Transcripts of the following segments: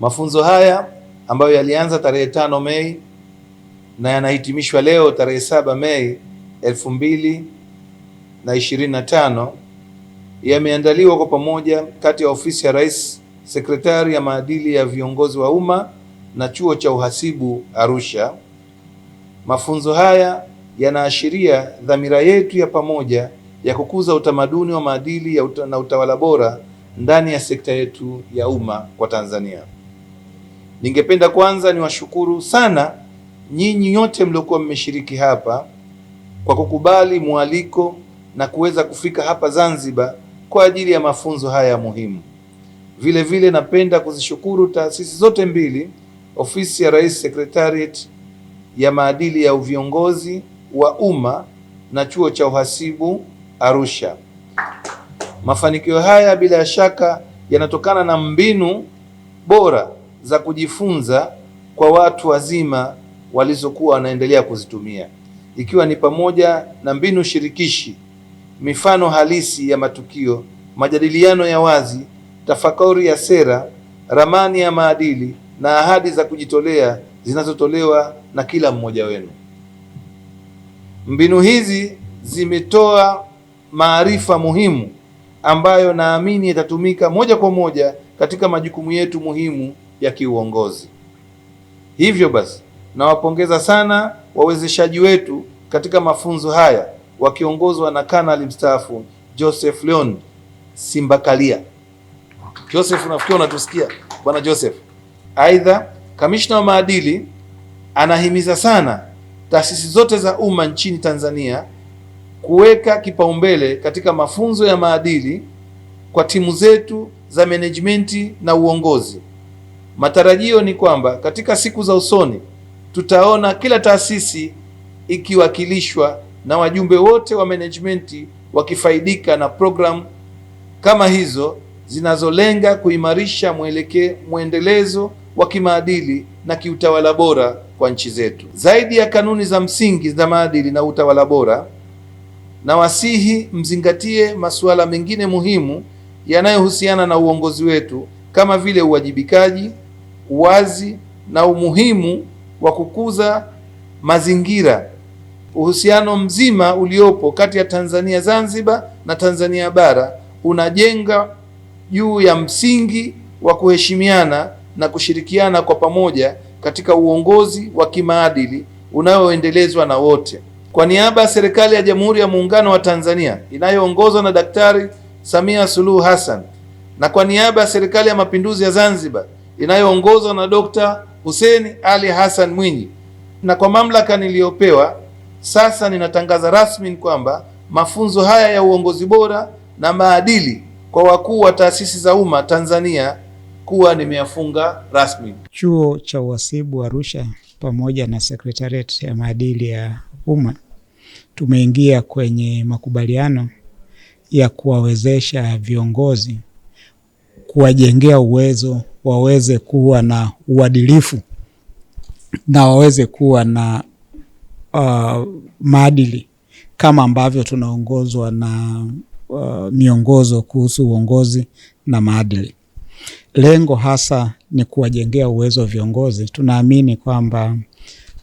Mafunzo haya ambayo yalianza tarehe tano Mei na yanahitimishwa leo tarehe saba Mei elfu mbili na ishirini na tano yameandaliwa kwa pamoja kati ya ofisi ya Rais, sekretari ya maadili ya viongozi wa umma na chuo cha uhasibu Arusha. Mafunzo haya yanaashiria dhamira yetu ya pamoja ya kukuza utamaduni wa maadili na utawala bora ndani ya sekta yetu ya umma kwa Tanzania. Ningependa kwanza niwashukuru sana nyinyi nyote mliokuwa mmeshiriki hapa kwa kukubali mwaliko na kuweza kufika hapa Zanzibar kwa ajili ya mafunzo haya muhimu. Vile vile napenda kuzishukuru taasisi zote mbili, ofisi ya Rais Secretariat ya maadili ya uviongozi wa umma na chuo cha uhasibu Arusha. Mafanikio haya bila shaka yanatokana na mbinu bora za kujifunza kwa watu wazima walizokuwa wanaendelea kuzitumia, ikiwa ni pamoja na mbinu shirikishi, mifano halisi ya matukio, majadiliano ya wazi, tafakari ya sera, ramani ya maadili na ahadi za kujitolea zinazotolewa na kila mmoja wenu. Mbinu hizi zimetoa maarifa muhimu ambayo naamini yatatumika moja kwa moja katika majukumu yetu muhimu ya kiuongozi. Hivyo basi, nawapongeza sana wawezeshaji wetu katika mafunzo haya wakiongozwa na kanali mstaafu Joseph Leon Simbakalia. Joseph, nafikiri unatusikia bwana Joseph. Aidha, kamishna wa maadili anahimiza sana taasisi zote za umma nchini Tanzania kuweka kipaumbele katika mafunzo ya maadili kwa timu zetu za management na uongozi Matarajio ni kwamba katika siku za usoni tutaona kila taasisi ikiwakilishwa na wajumbe wote wa management wakifaidika na programu kama hizo zinazolenga kuimarisha mwelekeo, mwendelezo wa kimaadili na kiutawala bora kwa nchi zetu. Zaidi ya kanuni za msingi za maadili na utawala bora, na wasihi mzingatie masuala mengine muhimu yanayohusiana na uongozi wetu kama vile uwajibikaji uwazi na umuhimu wa kukuza mazingira, uhusiano mzima uliopo kati ya Tanzania Zanzibar na Tanzania bara unajenga juu ya msingi wa kuheshimiana na kushirikiana kwa pamoja katika uongozi wa kimaadili unaoendelezwa na wote. Kwa niaba ya serikali ya Jamhuri ya Muungano wa Tanzania inayoongozwa na Daktari Samia Suluhu Hassan na kwa niaba ya serikali ya Mapinduzi ya Zanzibar inayoongozwa na Dr. Hussein Ali Hassan Mwinyi, na kwa mamlaka niliyopewa sasa ninatangaza rasmi kwamba mafunzo haya ya uongozi bora na maadili kwa wakuu wa taasisi za umma Tanzania kuwa nimeyafunga rasmi. Chuo cha Uhasibu Arusha pamoja na Sekretariat ya Maadili ya Umma tumeingia kwenye makubaliano ya kuwawezesha viongozi kuwajengea uwezo waweze kuwa na uadilifu na waweze kuwa na uh, maadili kama ambavyo tunaongozwa na uh, miongozo kuhusu uongozi na maadili. Lengo hasa ni kuwajengea uwezo wa viongozi. Tunaamini kwamba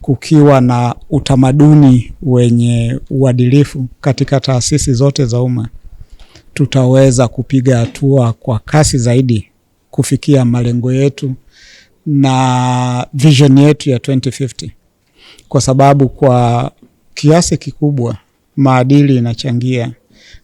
kukiwa na utamaduni wenye uadilifu katika taasisi zote za umma tutaweza kupiga hatua kwa kasi zaidi kufikia malengo yetu na vision yetu ya 2050 kwa sababu kwa kiasi kikubwa maadili inachangia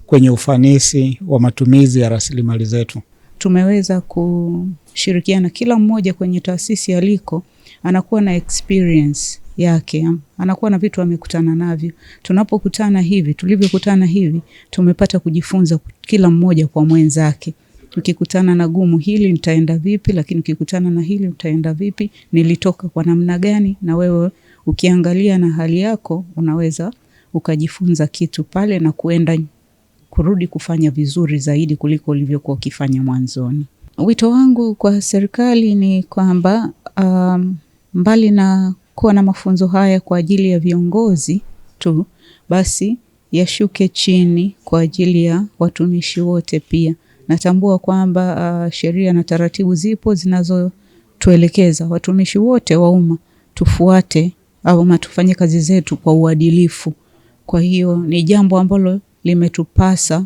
kwenye ufanisi wa matumizi ya rasilimali zetu. Tumeweza kushirikiana, kila mmoja kwenye taasisi aliko anakuwa na experience yake, anakuwa na vitu amekutana navyo. Tunapokutana hivi, tulivyokutana hivi, tumepata kujifunza kila mmoja kwa mwenzake nikikutana na gumu hili nitaenda vipi, lakini ukikutana na hili utaenda vipi, nilitoka kwa namna gani, na wewe ukiangalia na hali yako unaweza ukajifunza kitu pale na kuenda kurudi kufanya vizuri zaidi kuliko ulivyokuwa ukifanya mwanzoni. Wito wangu kwa serikali ni kwamba um, mbali na kuwa na mafunzo haya kwa ajili ya viongozi tu, basi yashuke chini kwa ajili ya watumishi wote pia. Natambua kwamba uh, sheria na taratibu zipo zinazotuelekeza watumishi wote wa umma tufuate au tufanye kazi zetu kwa uadilifu. Kwa hiyo ni jambo ambalo limetupasa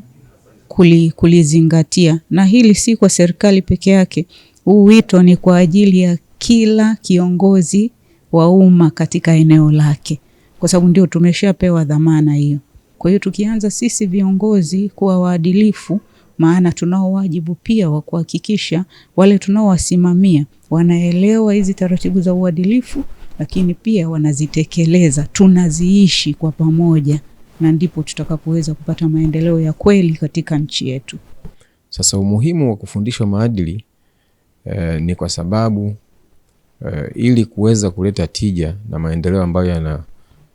kuli, kulizingatia na hili si kwa serikali peke yake. Huu wito ni kwa ajili ya kila kiongozi wa umma katika eneo lake, kwa sababu ndio tumeshapewa dhamana hiyo. Kwa hiyo tukianza sisi viongozi kuwa waadilifu maana tunao wajibu pia wa kuhakikisha wale tunaowasimamia wanaelewa hizi taratibu za uadilifu, lakini pia wanazitekeleza, tunaziishi kwa pamoja, na ndipo tutakapoweza kupata maendeleo ya kweli katika nchi yetu. Sasa umuhimu wa kufundishwa maadili eh, ni kwa sababu eh, ili kuweza kuleta tija na maendeleo ambayo yana,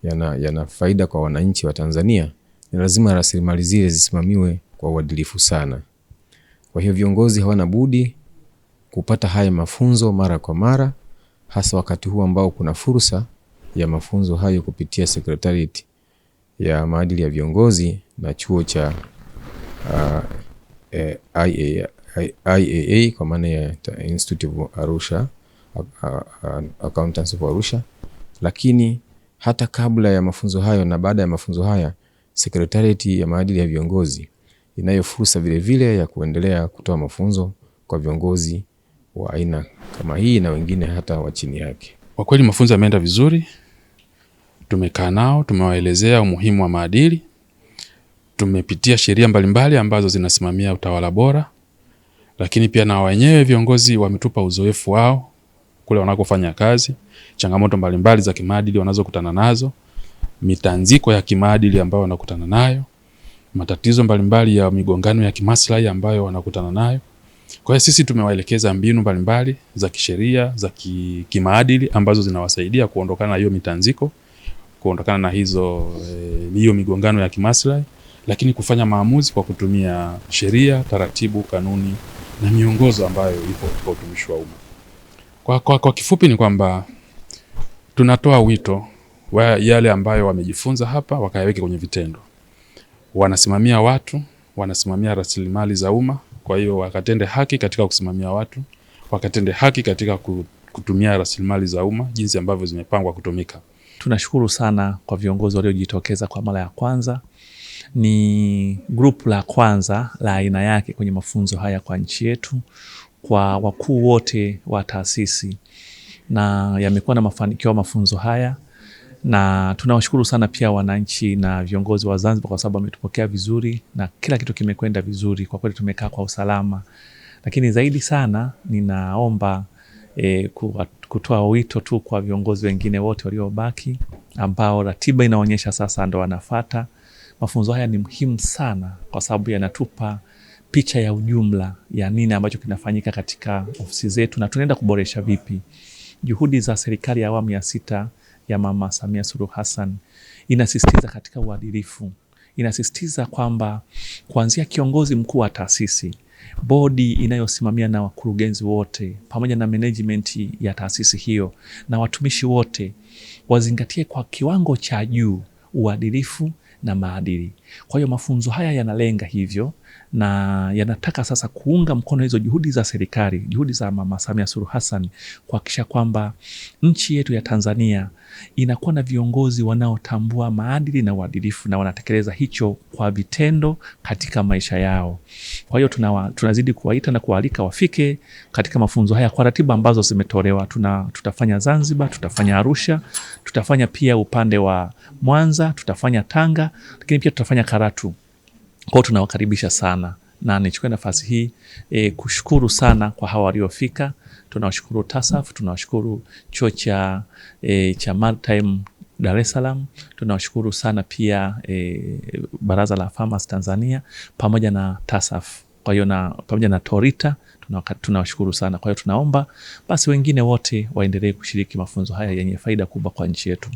yana, yana faida kwa wananchi wa Tanzania ni lazima rasilimali zile zisimamiwe kwa uadilifu sana. Kwa hiyo viongozi hawana budi kupata haya mafunzo mara kwa mara, hasa wakati huu ambao kuna fursa ya mafunzo hayo kupitia Sekretarieti ya maadili ya viongozi na chuo cha uh, eh, IAA, IAA kwa maana ya Institute of Arusha uh, Accountants of Arusha. Lakini hata kabla ya mafunzo hayo na baada ya mafunzo haya, Sekretarieti ya maadili ya viongozi Inayo fursa vilevile ya kuendelea kutoa mafunzo kwa viongozi wa aina kama hii na wengine hata wa chini yake. Kwa kweli mafunzo yameenda vizuri, tumekaa nao, tumewaelezea umuhimu wa maadili, tumepitia sheria mbalimbali ambazo zinasimamia utawala bora, lakini pia na wenyewe viongozi wametupa uzoefu wao kule wanakofanya kazi, changamoto mbalimbali za kimaadili wanazokutana nazo, mitanziko ya kimaadili ambayo wanakutana nayo matatizo mbalimbali ya migongano ya kimaslahi ambayo wanakutana nayo. Kwa hiyo sisi tumewaelekeza mbinu mbalimbali za kisheria za ki, kimaadili ambazo zinawasaidia kuondokana na hiyo mitanziko, kuondokana na hizo eh, hiyo e, migongano ya kimaslahi, lakini kufanya maamuzi kwa kutumia sheria, taratibu, kanuni na miongozo ambayo ipo kwa utumishi wa umma. Kwa, kwa, kwa kifupi ni kwamba tunatoa wito wa yale ambayo wamejifunza hapa wakayaweke kwenye vitendo wanasimamia watu, wanasimamia rasilimali za umma. Kwa hiyo wakatende haki katika kusimamia watu, wakatende haki katika kutumia rasilimali za umma jinsi ambavyo zimepangwa kutumika. Tunashukuru sana kwa viongozi waliojitokeza kwa mara ya kwanza. Ni grupu la kwanza la aina yake kwenye mafunzo haya kwa nchi yetu, kwa wakuu wote wa taasisi, na yamekuwa na mafanikio mafunzo haya na tunawashukuru sana pia wananchi na viongozi wa Zanzibar kwa sababu wametupokea vizuri na kila kitu kimekwenda vizuri. Kwa kweli tumekaa kwa usalama, lakini zaidi sana ninaomba e, kutoa wito tu kwa viongozi wengine wote waliobaki ambao ratiba inaonyesha sasa ndo wanafata. Mafunzo haya ni muhimu sana kwa sababu yanatupa picha ya ujumla ya nini ambacho kinafanyika katika ofisi zetu na tunaenda kuboresha vipi. Juhudi za serikali ya awamu ya sita ya Mama Samia Suluhu Hassan inasisitiza katika uadilifu, inasisitiza kwamba kuanzia kiongozi mkuu wa taasisi, bodi inayosimamia na wakurugenzi wote pamoja na management ya taasisi hiyo na watumishi wote wazingatie kwa kiwango cha juu uadilifu na maadili. Kwa hiyo mafunzo haya yanalenga hivyo na yanataka sasa kuunga mkono hizo juhudi za serikali, juhudi za Mama Samia Suluhu Hassan kuhakikisha kwamba nchi yetu ya Tanzania inakuwa na viongozi wanaotambua maadili na uadilifu na wanatekeleza hicho kwa vitendo katika maisha yao. Kwa hiyo tunawa, tunazidi kuwaita na kuwaalika wafike katika mafunzo haya kwa ratiba ambazo zimetolewa. Tuna, tutafanya Zanzibar, tutafanya Arusha, tutafanya pia upande wa Mwanza, tutafanya Tanga, lakini pia tutafanya Karatu kwao tunawakaribisha sana na nichukue nafasi hii e, kushukuru sana kwa hawa waliofika. Tunawashukuru TASAF, tunawashukuru chuo cha e, cha Maritime Dar es Salaam, tunawashukuru sana pia e, Baraza la Farmers Tanzania pamoja na TASAF kwa hiyo na pamoja na TORITA tunawashukuru sana. Kwa hiyo tunaomba basi wengine wote waendelee kushiriki mafunzo haya yenye faida kubwa kwa nchi yetu.